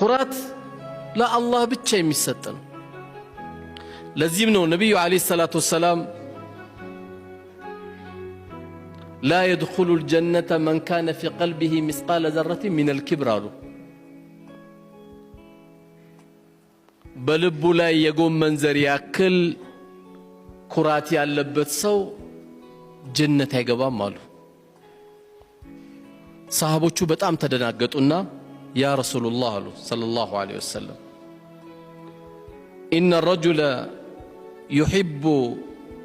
ኩራት ለአላህ ብቻ የሚሰጥ ነው። ለዚህም ነው ነቢዩ ዓለይሂ ሰላቱ ወሰላም ላ የድኹሉ ልጀነተ መን ካነ ፊ ቀልቢሂ ምስቃለ ዘረት ሚን ልክብር አሉ። በልቡ ላይ የጎመን ዘር ያክል ኩራት ያለበት ሰው ጀነት አይገባም አሉ። ሰሃቦቹ በጣም ተደናገጡና ያ ረሱሉላህ አሉ ሰለላሁ ዐለይሂ ወሰለም ኢነ ረጁለ ዩሒቡ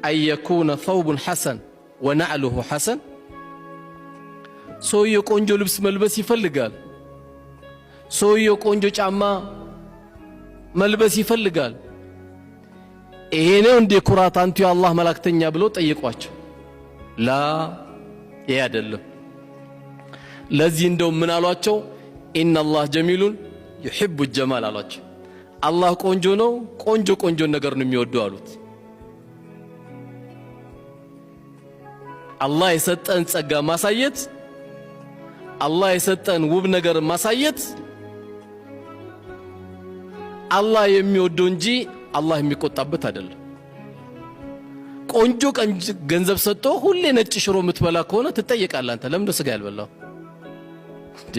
አን የኩነ ሰውቡን ሐሰን ወነዕሉሁ ሐሰን ሰውየው ቆንጆ ልብስ መልበስ ይፈልጋል። ሰውየው ቆንጆ ጫማ መልበስ ይፈልጋል። ይሄ ነው እንዴ ኩራት አንቱ የአላህ መላእክተኛ ብሎ ጠይቋቸው፣ ላ ይሄ አይደለም። ለዚህ እንደው ምን አሏቸው? ኢናላህ ጀሚሉን ዩሕቡ ጀማል አሏቸው። አላህ ቆንጆ ነው፣ ቆንጆ ቆንጆን ነገር ነው የሚወደው አሉት። አላህ የሰጠን ጸጋ ማሳየት፣ አላህ የሰጠን ውብ ነገር ማሳየት አላህ የሚወደው እንጂ አላህ የሚቆጣበት አይደለም። ቆንጆ ገንዘብ ሰጥቶ ሁሌ ነጭ ሽሮ የምትበላ ከሆነ ትጠየቃለህ። አንተ ለምንድን ስጋ ያልበላው እንዴ?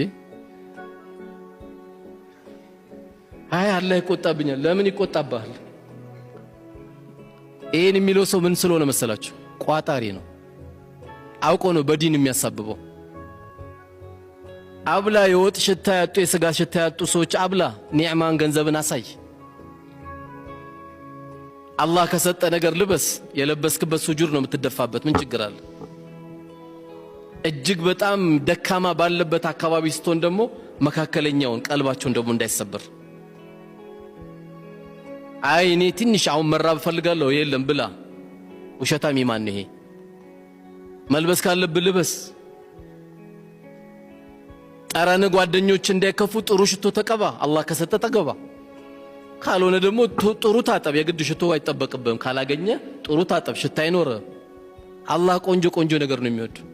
አይ አላህ ይቆጣብኛል። ለምን ይቆጣባል? ይህን የሚለው ሰው ምን ስለሆነ መሰላችሁ? ቋጣሪ ነው። አውቆ ነው በዲን የሚያሳብበው። አብላ የወጥ ሽታ ያጡ የስጋ ሽታ ያጡ ሰዎች አብላ ኒዕማን ገንዘብን አሳይ። አላህ ከሰጠ ነገር ልበስ። የለበስክበት ሱጁድ ነው የምትደፋበት። ምን ችግር አለ? እጅግ በጣም ደካማ ባለበት አካባቢ ስትሆን ደግሞ መካከለኛውን ቀልባቸውን ደግሞ እንዳይሰበር አይ እኔ ትንሽ አሁን መራብ እፈልጋለሁ የለም ብላ። ውሸታም ይማን ይሄ መልበስ ካለብህ ልበስ። ጠረን ጓደኞች እንዳይከፉ ጥሩ ሽቶ ተቀባ፣ አላህ ከሰጠ ተቀባ ካልሆነ ደግሞ ጥሩ ታጠብ። የግድ ሽቶ አይጠበቅብም ካላገኘ ጥሩ ታጠብ፣ ሽታ አይኖርም። አላህ ቆንጆ ቆንጆ ነገር ነው የሚወድ